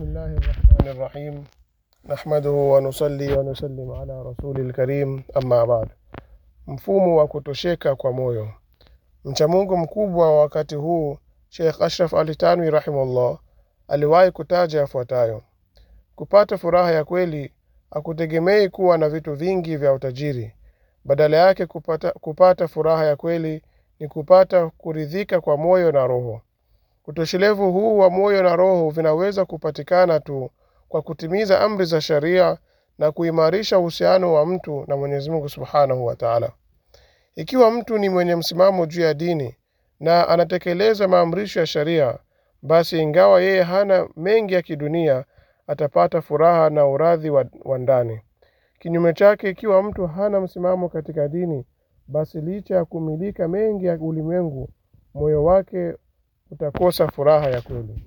بسم الله الرحمن الرحيم نحمده ونصلي ونسلم ala rasuli karim amma baad. Mfumo wa kutosheka kwa moyo. Mchamungu mkubwa wa wakati huu Sheikh Ashraf Ali Tanwi rahimahullah aliwahi kutaja yafuatayo: kupata furaha ya kweli hakutegemei kuwa na vitu vingi vya utajiri. Badala yake kupata, kupata furaha ya kweli ni kupata kuridhika kwa moyo na roho. Utoshelevu huu wa moyo na roho vinaweza kupatikana tu kwa kutimiza amri za sharia na kuimarisha uhusiano wa mtu na Mwenyezi Mungu Subhanahu wa Ta'ala. Ikiwa mtu ni mwenye msimamo juu ya dini na anatekeleza maamrisho ya sharia, basi ingawa yeye hana mengi ya kidunia, atapata furaha na uradhi wa, wa ndani. Kinyume chake, ikiwa mtu hana msimamo katika dini, basi licha ya kumilika mengi ya ulimwengu, moyo wake utakosa furaha ya kweli.